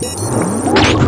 you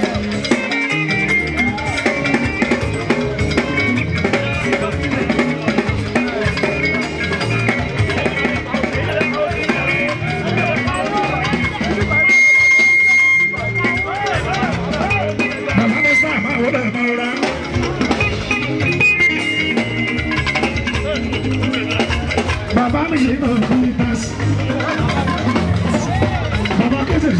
Gracias,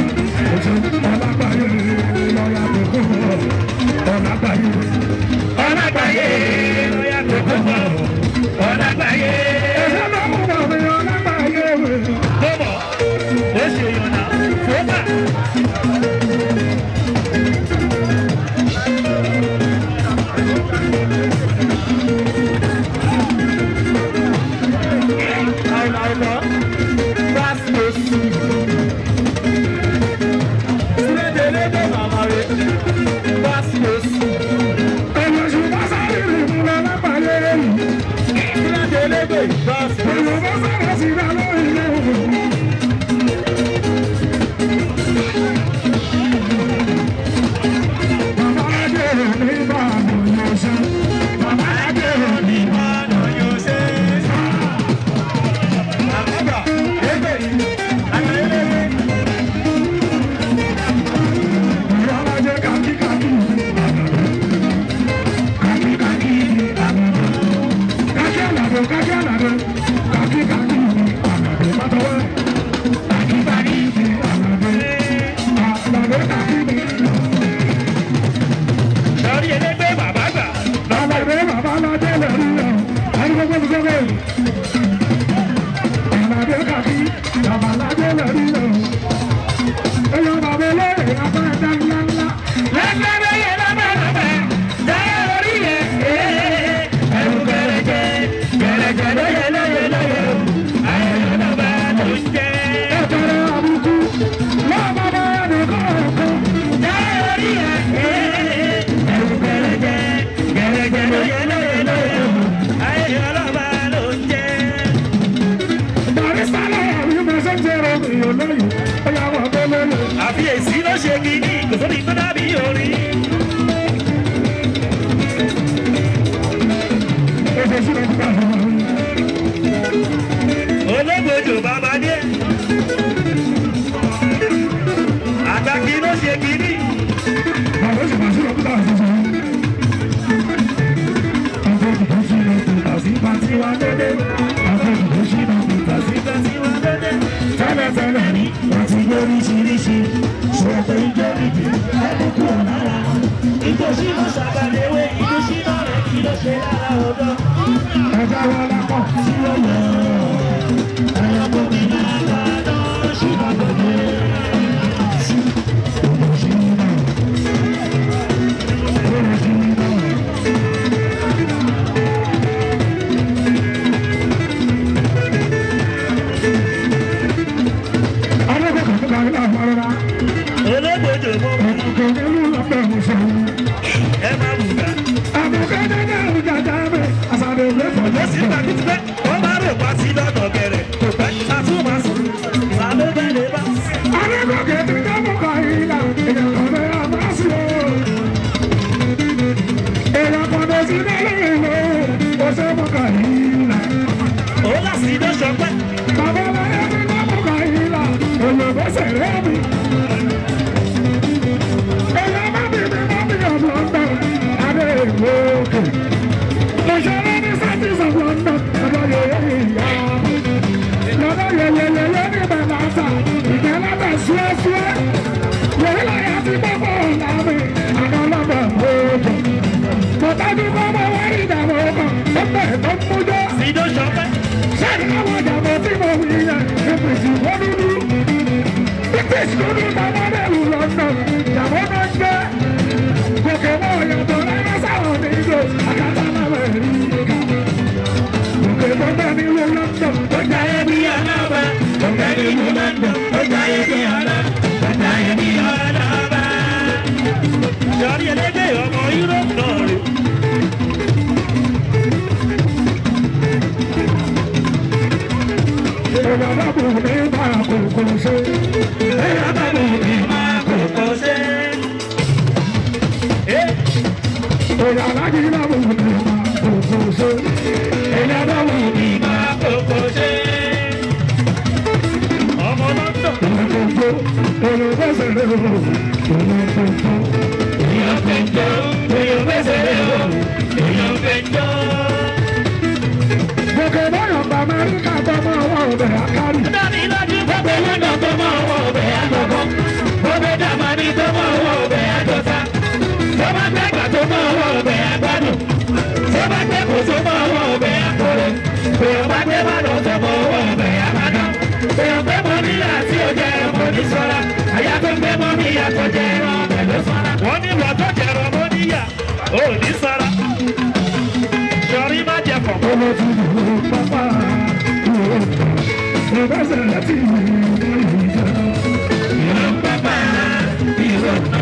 ọlágbáyé ọlágbáyé ọlágbáyé. Yorùbá sọ̀rọ̀ sí ra lóyún. Thank you. sábà kàní. ìjọ ṣọpẹ́. sẹ́ni àwọn ìdààmú tí mo wí yẹn ìpèsè ìwọ́n dúdú ìpèsè ìwọ́n dúdú bàbá rẹ̀ wù lọ́nà ìdààmú náà. èèyàn péjọ èèyàn pèsèrè o èèyàn péjọ. gbogbo bọ́yọ̀ bá máa rí ká tọmọ ọwọ́ ọbẹ̀ akárì. dání lójú gbogbo owó náà tọmọ ọwọ́ ọbẹ̀ àkọ́kọ́ gbogbo dàmà ní tọmọ ọwọ́ ọbẹ̀ àjọta tọmọ tẹgbà tọmọ ọwọ́ ọbẹ̀ àgbàdo tọmọ tẹkọ tọmọ ọwọ́ ọbẹ̀ àkọrẹ èèyàn bá tẹ́ bá lọ tọmọ ọwọ́ ọbẹ̀ àbádọ́ èèyàn pẹ́ mọ́ nílẹ̀ àti ọjà ẹ̀mọ́ ní sọ́ra níyà tó jẹ ẹran ọbẹ̀ ló sanra. wọ́n ní ìwà tó jẹ ẹran ló níyà ó ní sanra. sọrí má jẹ kàn. owó ti lù ú pápá ló bá ṣẹlẹ̀ láti ìlú ìjọba. ìlú pápá ìlú náà.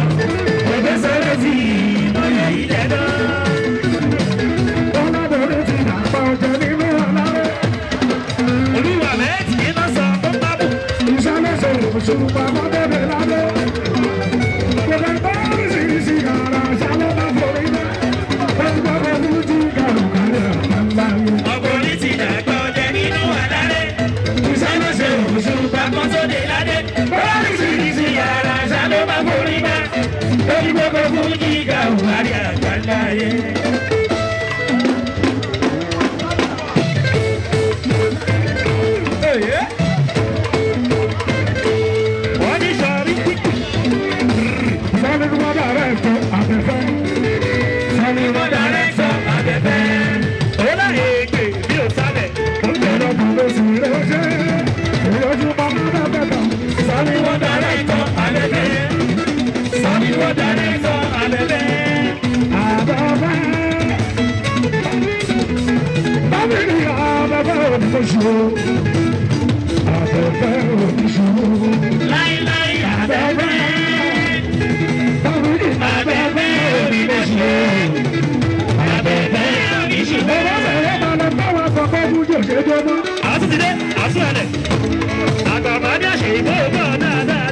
ṣẹlẹ̀ àgbàbádé àṣèyíkó bọ̀ dáadáa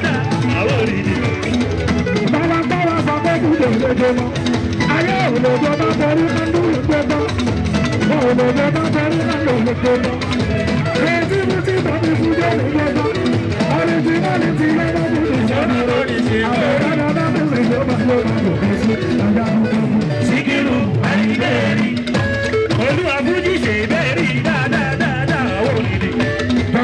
àwọn òrìdì. bàbá báwa sọ pé kí lè lójó mọ ayé òlòjó bá torí kánú ìgbé bọ òlòjó bá torí kánú ìgbé bọ retí mi ti tàbí fújẹ ìgbé bọ oríṣi náà ní ti yẹ bá mi lè jẹ mi lórí ṣe bọ àwọn ọ̀dọ́ bá mi lè jọ bá mi lórí ṣe bọ sí ọjà mi kọ́ mi. Síkírù Àyìndé rí olú àbújí ṣe bẹ́ẹ̀ rí dáadáa.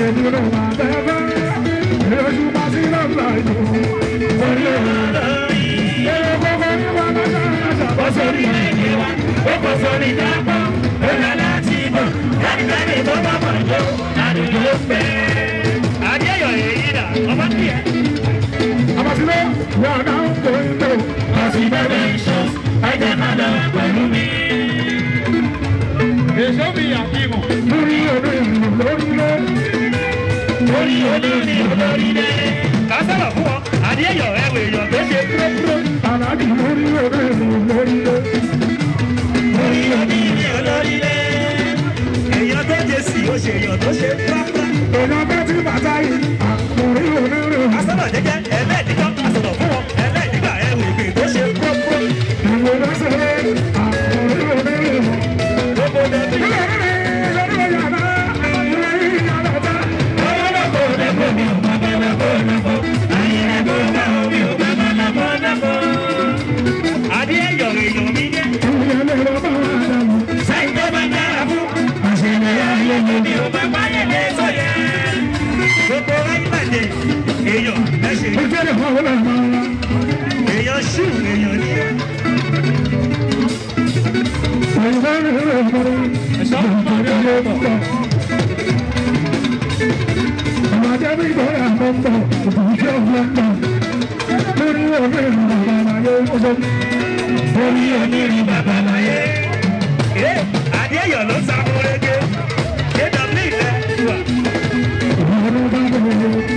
We're not going to, cause we were anxious, I demand a torí olórí olórí dé. ká sọ̀rọ̀ fún wọn àdéhùn ẹ̀wẹ̀ èèyàn tó ṣe púrọ́púrọ́. aláàbí lórí olórí olórí dé. torí olórí olórí dé. èèyàn tó ṣe sí ó ṣe èèyàn tó ṣe púrọ́púrọ́. èèyàn bẹ́ẹ̀ tí bàtà yìí àkùnrin olórí. ká sọ̀rọ̀ jẹ́jẹ́ ẹ̀ẹ́dẹ́gbẹ̀ẹ́ ká sọ̀rọ̀ fún wọn ẹ̀ẹ́dẹ́gbẹ̀ẹ́ ẹ̀wẹ̀ èèyàn tó ṣe púrọ́púrọ́. ìwé lọ́sẹ̀ dé èèyàn ẹ ṣe. ó jẹ́rìí fún àwọn ọmọ wa. èèyàn ṣù èèyàn ní. Ìjọba ń rẹ̀ ọ̀pọ̀ ìjọba ń rẹ̀ ọ̀pọ̀. Àmàdé mi bọ̀rẹ̀ àmọ́ pọ̀ ìbùjọ́ ọ̀gbọ́n náà lórí ọ̀rẹ́ mi bàbá láyé ọ̀gbọ́n. Lórí ọ̀rẹ́ mi bàbá láyé. Adéyọ̀ ló sá fún rege. Adéyọ̀ ló sá fún rege.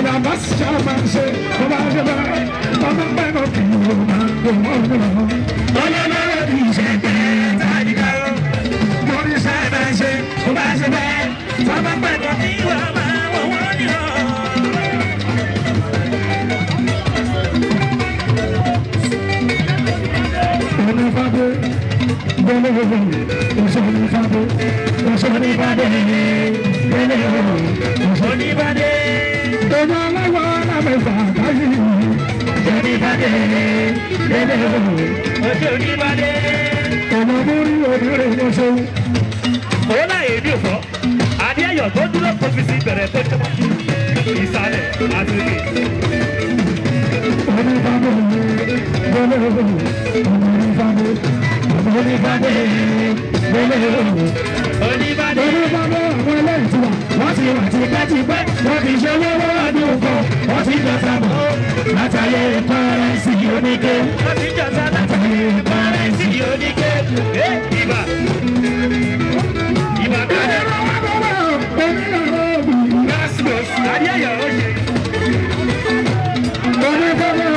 Oba basya manse, oba jaba, baba baba piyo mango mango. Oya baba pise te, tadika, yori sa manse, oba jaba, baba baba piyo mango mango. Ona fabe, bele bele, osoni fabe, osoni fabe, bele bele, osoni fabe. Ìjọba aláwọ̀ alábẹ̀fà káyé. Jẹ́ni bàdé, dédé wò. Ojú òní bàdé. Ọmọ mú rí obìnrin ní oṣù. Òun àyè ní òfò, Adéyọ̀ tó dúró pọ̀fíìsì bẹ̀rẹ̀ tó jẹ́ ìsàlẹ̀ àti òkè. Omi bàbá mi, gbọ́dọ̀ wò. Omi bàbá mi, ọmọ oníbàdé, gbọ́dọ̀ wò. Oníbàdé ti wà tipẹ́tipẹ́ wọ́n ti ṣe owó ọdún kan wọ́n ti jọ sábọ̀ látàyè kọ́rẹ́nsì oníke. wọ́n kọ́rẹ́nsì oníke. ìbà ìbà kálẹ̀. onígbàgbọ́ òbí. gáàsì lọ sí. adé ẹ̀yà ó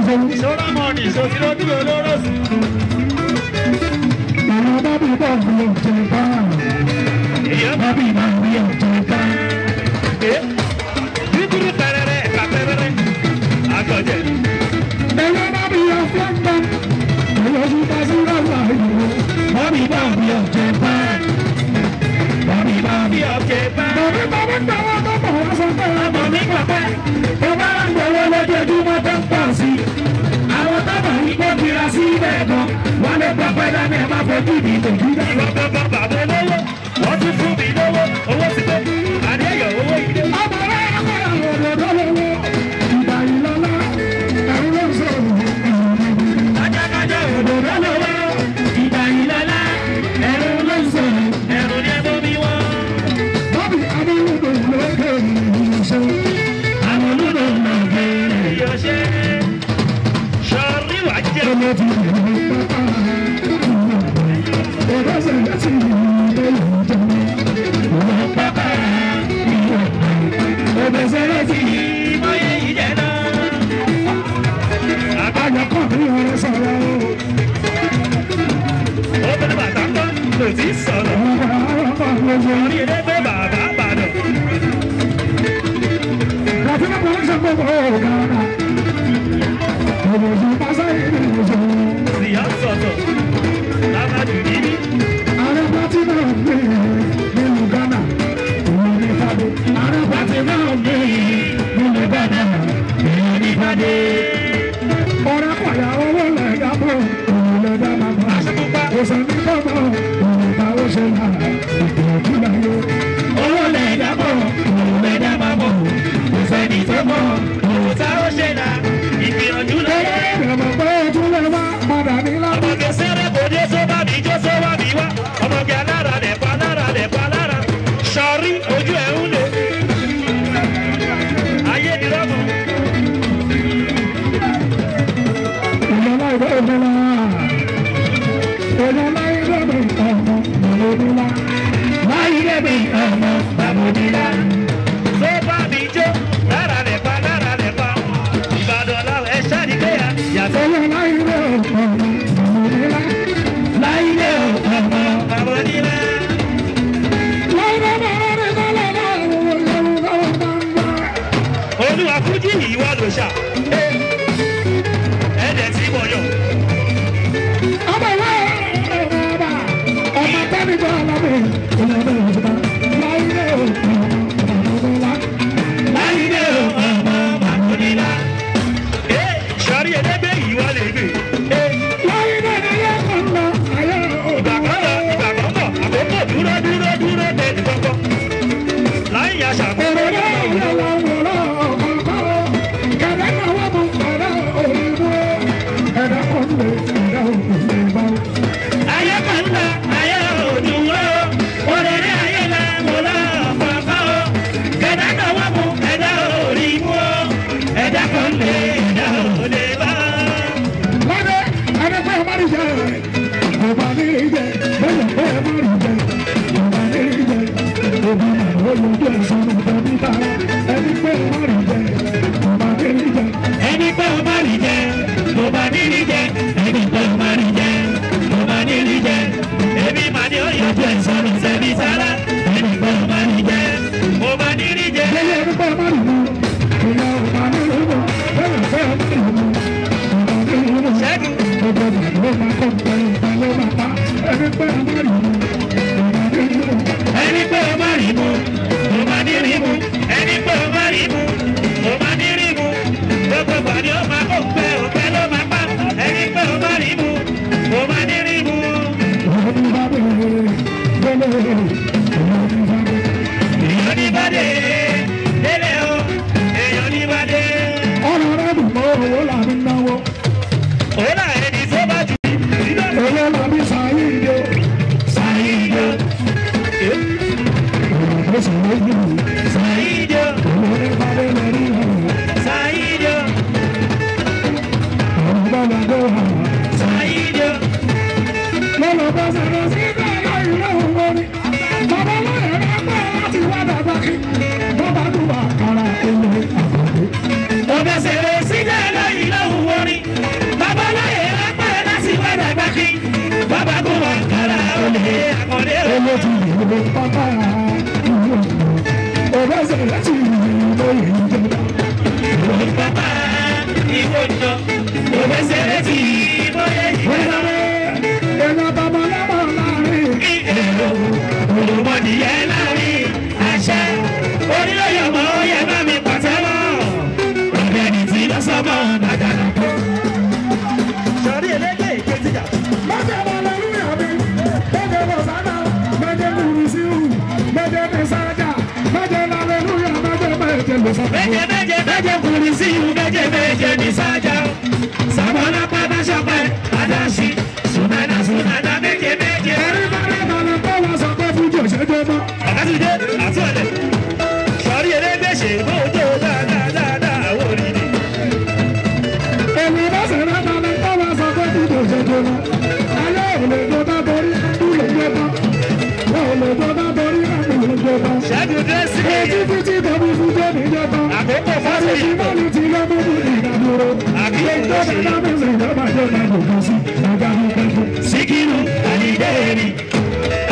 ṣoṣo. ìṣòro mọ̀ ní ìṣòṣìlò dúró lóró sí. àwọn bábí bọ̀ ń lo ìjẹun tán. bábí máa ń rí ìjẹun tán. bíbélì pẹrẹrẹ ẹ̀ka pẹrẹrẹ àgọ́jẹ. ẹ̀yọ́ bábí yọ fún ẹgbẹ́. ẹ̀yọ́ sí pàṣẹ ìrọ̀lù àyẹ̀wò. bábí bá ń rí ìjẹun tán. bábí bá ń rí ìjẹun tán. bàbá bàbá gbàwọ́ tó bọ̀ wá sọ pé ọmọ mi gbàgbẹ́. bàbá ń gbàwọ́ lójoojúmọ́ tó ń pọ̀ sí i ya sí ibẹ̀ gan wọ́n lè gbọ́ pé lẹ́nu ẹ̀ máa fojú ìdìbò. wọ́n tún fún mi lówó owó ti tó. 一下。ìdìbò pápá ìlú ọba ṣẹlẹ̀ láti ìlú ìlú ìjọba. ìlú pápá ìlú ìjọ ọba ṣẹlẹ̀ láti ìlú ìjọba. ẹ̀rọ bàbá lábọ̀ láàrin ìlú olùmọ̀dìyẹ. Beje beje beje polisi beje beje ni saja. Sabana pada shapai adashi sunana sunana beje beje. Ẹ̀rí bàbá ìbàlẹ̀ tó wọ sọ pé fújì òṣèjọ́ mọ́. Àkàtúndé àti ọ̀lẹ̀ sọ̀rí elégbèsè bó tó dáadáa dáadáa àwọn òrìrì. Èmi bá sọ̀rọ̀ bàbá tó wọ sọ pé fújì òṣèjọ́ mọ́. ètùtù tí tàbí fúnjẹ́ níjọba sáré tí bọ́ọ̀lù ti lọ́mú mú ìdádúró ètò ìdáná mẹ́sàn-án ìjọba ìjọba gbogbo sí ọ̀gá mi pẹ̀lú. Síkírù àyíjẹ́ mi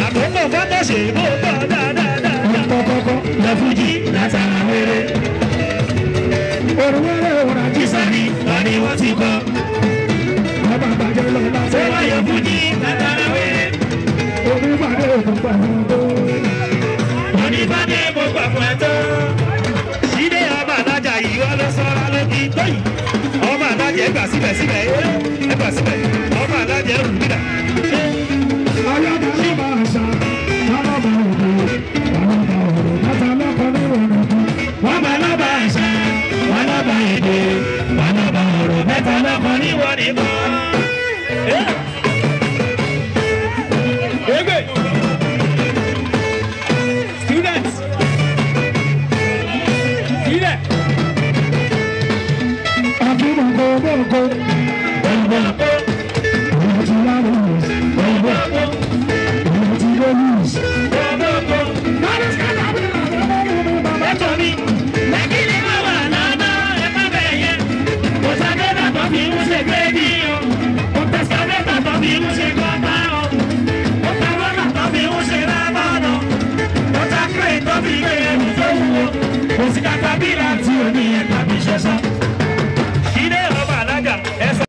àkókò fọ́tọ̀ṣe ló bọ̀ dáadáa. ọ̀pọ̀ kọ́kọ́ lọ fújì látara wéré. òrùwẹ́rẹ́ òrà jísà ni àní wọ́n ti kọ́. ọba àgbàjọ lọ bá. ṣé wáyé fújì látara wéré. omi pàdé òkú pàdé òkú ìbá ní mo gbà fún ẹ tán. ilé ọba